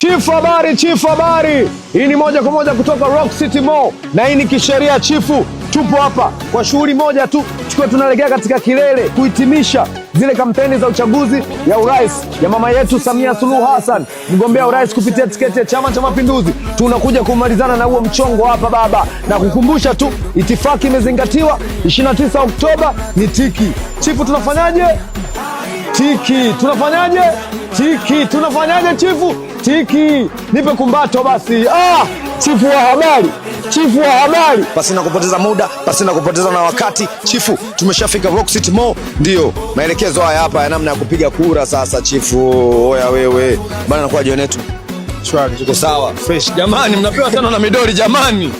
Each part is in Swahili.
Chifu habari, chifu habari. Hii ni moja kwa moja kutoka Rock City Mall na hii ni Kisheria Chifu. Tupo hapa kwa shughuli moja tu, tukiwa tunaelekea katika kilele kuhitimisha zile kampeni za uchaguzi ya urais ya mama yetu Samia Suluhu Hassan, mgombea urais kupitia tiketi ya Chama cha Mapinduzi. Tunakuja kumalizana na huo mchongo hapa baba, na kukumbusha tu itifaki imezingatiwa. 29 Oktoba ni tiki. Chifu, tunafanyaje? tiki, tunafanyaje? Tiki, tunafanyaje chifu? Tiki, nipe kumbato basi. Ah, chifu wa habari, chifu wa habari. na kupoteza muda, na kupoteza na wakati, chifu, tumeshafika Rock City Mall. Ndio maelekezo haya hapa ya namna ya kupiga kura. Sasa chifu, oya wewe bana, nakuwa jioni yetu shwari, tuko sawa fresh. Jamani, mnapewa sana na midori jamani,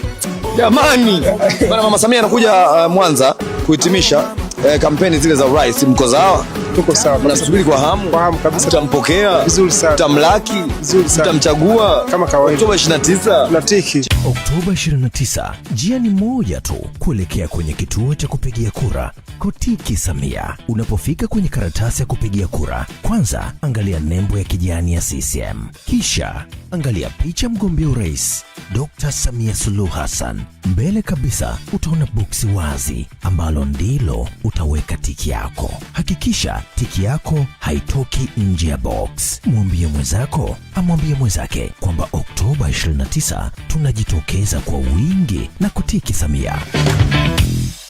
jamani bana, mama Samia anakuja uh, Mwanza kuhitimisha eh, kampeni zile za urais, mko sawa? Tuko sawa. Mnasubiri kwa hamu? Kwa hamu kabisa. Mtampokea vizuri sana. Mtamlaki vizuri sana. Mtamchagua kama kawaida. Oktoba 29. Tunatiki. Oktoba 29, njia ni moja tu kuelekea kwenye kituo cha kupigia kura Kotiki Samia. Unapofika kwenye karatasi ya kupigia kura, kwanza angalia nembo ya kijani ya CCM. Kisha angalia picha mgombea urais Dkt. Samia Suluhu Hassan. Mbele kabisa utaona boksi wazi ambalo ndilo utaweka tiki yako. Hakikisha tiki yako haitoki nje ya box. Mwambie mwenzako amwambie mwenzake kwamba Oktoba 29 tunajitokeza kwa wingi na kutiki Samia.